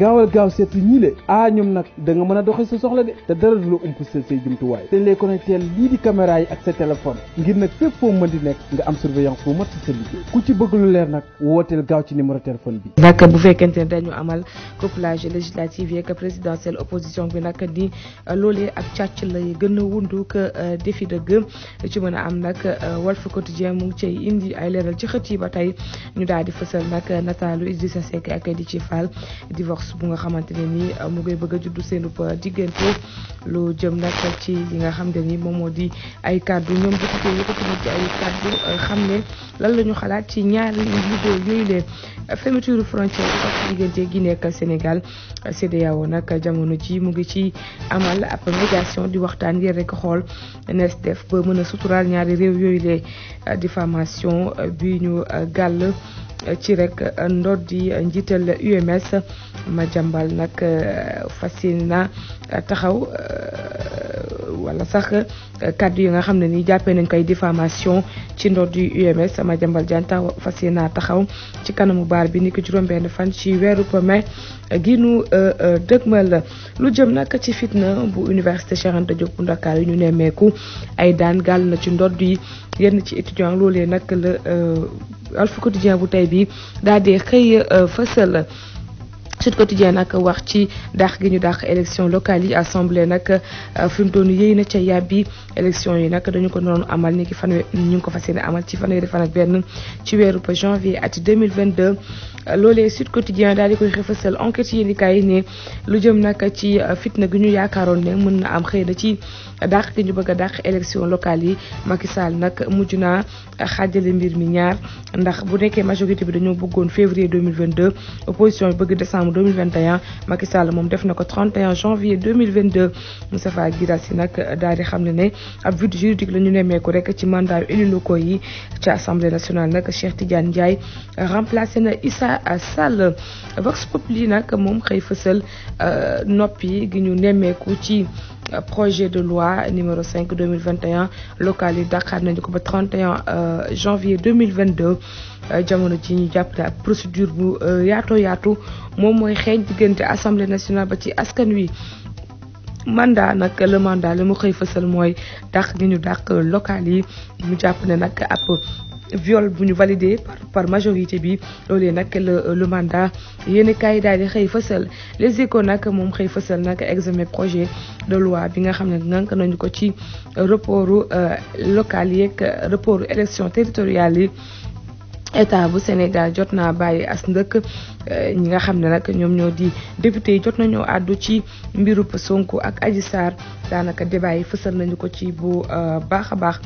gaawal gaaw seet si ñii ah, ñoom nag da nga mën a doxee sa soxla de te dara du la umpaseel say jumtuwaay dañ lay connecté lii di caméra yi ak sa téléphone ngir nag fépp foo mën di nekk nga am surveillance bu mat sa liggéey ku ci bëgg lu leer nag wooteel gaaw ci numéro téléphone bi nag bu fekkente ne dañu amal couplage législative yeeg présidentielle opposition bi nag di euh, loolee ak càcc lay gën a wundu que euh, defi dëgg ci mën a am nag euh, Walf Quotidien mu ngi cay indi ay leeral ci ba tey ñu daal di fësal nag nataalu Idrissa Seck ak ci Fall divorce bu nga xamante ne ni euh, mu ngay bëgg a juddu seenu euh, diggante lu jëm nag ci li nga xam ne nii moom moo di ay kàddu ñoom député yëkkati na euh, xam ne lan la ñu xalaat ci ñaari liggéey yooyu leen fermeture frontière ak diggante gi nekk Sénégal CEDEAO nag jamono ji mu ngi ci amal ab médiation di waxtaan ngir rek xool nees def ba mën a suturaal ñaari réew yooyu lee diffamation bi ñu gàll ci rek ndoor di njiital UMS Madiambal nag fas yéene na taxaw wala sax euh, kàddu yi nga xam ne nii jàppe nañ koy diffamation ci ndoor du UMS Madiambal Diagne taw fas taxaw ci kanamu baar bi ni ko juróom-benn fan ci weeru mai euh, gi nu euh, dëgmal lu jëm nag ci fitna bu université Cheikh Anta Diop bu Ndakaar yi ñu nemmeeku ay daan gàll na ci ndodd yi yenn ci étudiant loolee nag la Walf Quotidien bu tey bii daal di xëy fësal Sud Quotidien nag wax ci dàq gi ñu dàq élection locale yi assemblée nag euh, fi mu doon yéy na ca yàbbi élection yi nag dañu ko noonu amal ni ki fanwe ñu ngi ko fas yéene amal ci fanweeri fan ak benn ci weeru janvier at 2022 loolee Sud Quotidien daal di koy xëfësal enquête yi yéenekaay yi ne lu jëm nag ci euh, fitna gi ñu yaakaaroon ne mën na am xëy na ci dàq gi ñu bëgg a dàq élection locale yi Macky Sall nag mujj naa euh, xaajale mbir mi ñaar ndax bu nekkee majorité bi dañoo bëggoon février 2022 opposition bi bëgg décembre 2021 Macky Sall moom def na ko 31 janvier 2022 Moustapha Guirassy nag daal di xam ne ne ab vide juridique la ñu nemmeeku rek ci mandat yu élus locaux yi ci assemblée nationale nag Cheikh Tidiane Ndiaye remplacé na Issa Sall Vox Populi nag moom xëy fësal euh, noppi gi ñu nemmeeku ci. projet de loi numéro cinq mille 5 2021 local yi dàqaat nañu ko ba euh, mille vingt deux euh, jamono ji ñu jàpp ne ab procédure bu euh, yaatoo yaatu moom mooy xeeñ diggante assemblée nationale ba ci askan wi. mandat nag le mandat li mu xëy fësal mooy dàq gi ñu dàq local yi mu jàpp ne nag ab. viol bu ñu validé par par majorité bi loolee nag le le mandat yéen kaay daal di xëy fësal les échos nag moom xëy fësal nag examen projet de loi bi nga xam ne ngànk nañu ko ci report euh, local yeeg report élection territoriale yi. état bu Sénégal jot naa bàyyi as ndëkk eh, ñi nga xam ne nag ñoom ñoo di député yi jot nañoo àddu ci mbiru Sonko ak Adji Sarr daanaka débat yi fësal nañu ko ci bu eh, baax a baax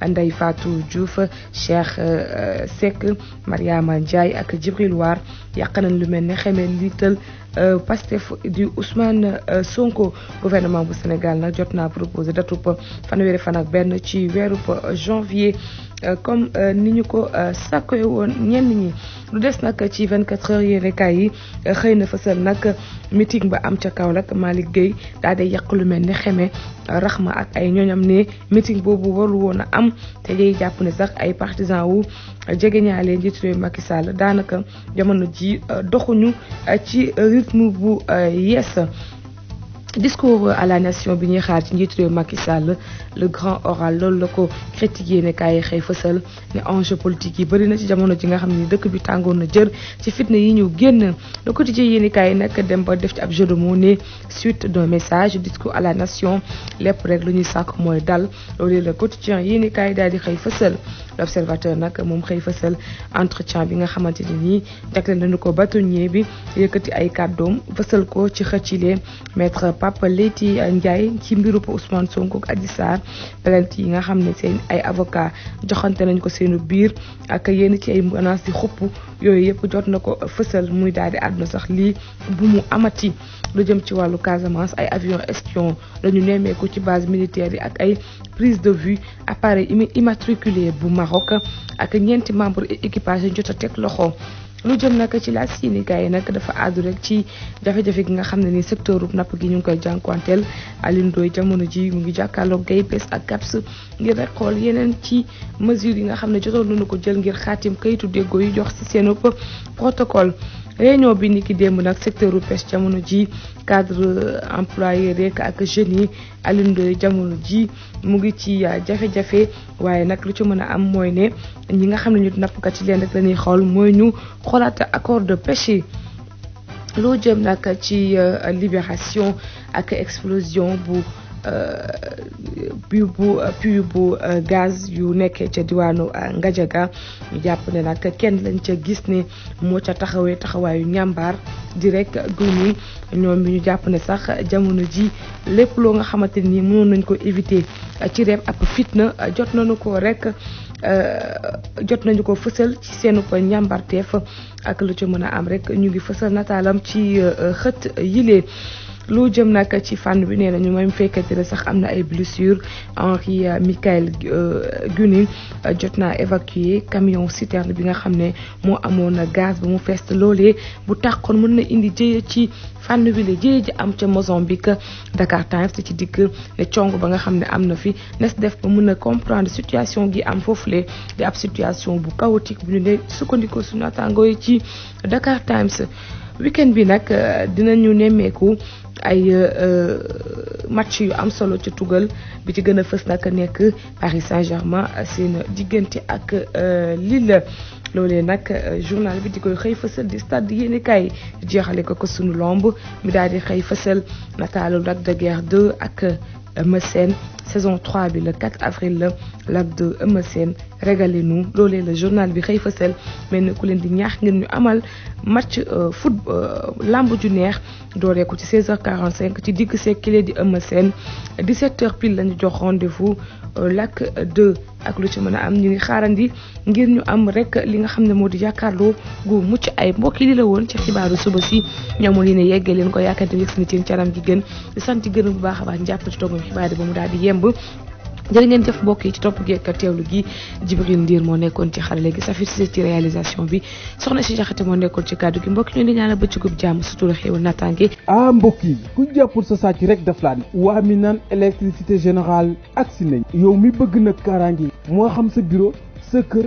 faatu Fatou Diouf Cheikh eh, Seck Mariama Ndiaye ak Djibril War yàq nañ lu mel ne xamee liital Euh, Pastef di Ousmane euh, Sonko gouvernement bu Sénégal nag jot naa proposé datub fanweeri fan ak benn ci weerub janvier euh, comme ni ñu ko sàkkoy woon ñenn ñi lu des nag ci 24 heures yéene kaay yi xëy na fësal nag meeting ba am ca kaw Malick Gueye liggéey di yàq lu mel ni xeme raxma ak ay ñooñam ne meeting boobu warul woon a am te day jàpp ne sax ay partisans wu jegeñaale njiitu réew Macky Sall daanaka jamono ji doxuñu ci rythme bu euh, yees discours à la nation bi ñuy xaar ci njiitu réew Macky Sall le grand oral loolu la ko critiqué ne kaay xëy fësal ne enjeu politique yi bëri na ci jamono ji nga xam ne dëkk bi tàngoon na jër ci fitna yi ñu génn le quotidien yéeni kaay nag dem ba def ci ab jeu de mots ne suite d'un message discours à la nation lépp rek lu ñuy sàkk mooy dal loolu le quotidien yéeni kaay daal di xëy fësal l'observateur nag moom xëy fësal entretien bi nga xamante ni nii jagleel nañu ko bâtonnier bi yëkkati ay kàddoom fësal ko ci xëccile maître Pape Leyti Ndiaye ci mbiru Ousmane Sonko ak Adji Sarr yi nga xam ne seen ay avocat joxante nañ ko seenu biir ak yenn ci ay menaces di xupp yooyu yëpp jot na ko fësal muy daal di àdduna sax lii bu mu amati lu jëm ci wàllu Casamance ay avion espion lañu nemmeeku ci base militaire yi ak ay prise de vue appareil immatriculé bu Maroc ak ñeenti membre équipage yi jot a teg loxo. lu jëm nag ci laas yéeni gars yi nag dafa àddu rek ci jafe-jafe gi nga xam ne ni secteur napp gi ñu ngi koy jànkuwanteel Alioune Ndoye jamono ji mu ngi jàkkaarloog gay bees ak gaps ngir rek xool yeneen ci mesures yi nga xam ne jotoon nañu ko jël ngir xaatim kayitu déggoo yi jox ci seen protocole réunion bi ni ki démb nag secteur u pêche jamono ji cadre employé rek ak jeunes yi alinde jamono ji mu ngi ci euh, jafe-jafe waaye nag lu ci mën a am mooy ne ñi nga xam ne ñu nappkat ci leen rek la ñuy xool mooy ñu xoolaat accord de pêche loo jëm nag ci euh, libération ak explosion bu puits bu bu gaz yu nekkee ca diwaanu euh, Ngajaga ñu jàpp ne nag kenn lañ ca gis ne moo ca taxawee taxawaayu ñàmbaar di rek gënu ñoom bi ñu jàpp ne sax jamono ji lépp loo nga xamante ni mënoon nañ ko éviter euh, ci reeb ab fitna euh, jot nañu ko rek jot nañu ko fësal ci seenu ko ñàmbarteef ak lu ci mën a am rek ñu ngi fësal nataalam ci xët yilee lu jëm nag ci fànn bi nee nañu moom fekkante ne sax am na ay blessures Henri euh, Michael euh, Gunin euh, jot naa évacuer camion citerne bi nga xam ne moo amoon na gaz ba mu fees loole bu tàqoon mën na indi jëye ci fànn bi la jëye ji am ca Mozambique Dakar Times ci dikk ne cong ba nga xam ne am na fi nes def ba mën na comprendre situation gi am foofu foofulee di ab situation bu chaotique bu ñu ne sukkandikoo suñu naataangoo yi ci Dakar Times. weekend bi nag euh, dinañu nemmeeku ay euh, euh, match yu am solo ci tugal bi ci gën a fës nag nekk Paris Saint-Germain seen diggante ak Lille loolee nag journal bi di koy xëy fësal di stade yéeni kaay jeexale ko ko sunu lomb mi daal di xëy fësal nataalu Lac de Guiers 2 ak Eumeu saison 3 bi le 4 avril la Lac de Eumeu régalé nu loolee la journal bi xëy fasal mel ni ku leen di ñaax ngeen ñu amal match euh, foot euh, lamb ju neex dooree ko ci 16h45 ci digg seeg kile di Eumeu seen di h pile lañu jox rendez-vous euh, lakk 2 ak lu ci mën a am ñu ngi xaarandi ngir ñu am rek li nga xam ne moo di jàkkaarloo gu mucc ay mbokk yi li la woon ci xibaaru suba si ñamul yi ne yeggee leen ko yaakaar te yëg si na ci canam gi gën di sant gërëm bu baax a baax njàpp ci toogum xibaar yi daal di yemb jërë ngeen jëf mbokk yi ci topp gi ak teewlu gi Djibril Ndiir moo nekkoon ci xarale gi Safir Cissé ci réalisation bi soxna si jaxate moo nekkoon ci kàddu gi mbokk ñu di ñaanal bëccëgub jàmm sutura xéwal nattaange ah mbokk yi ku jàppul sa sàcc rek daf laa ne waa mi naan général générale agsi nañ yow mi bëgg nag kaaraange moo xam sa bureau sa kër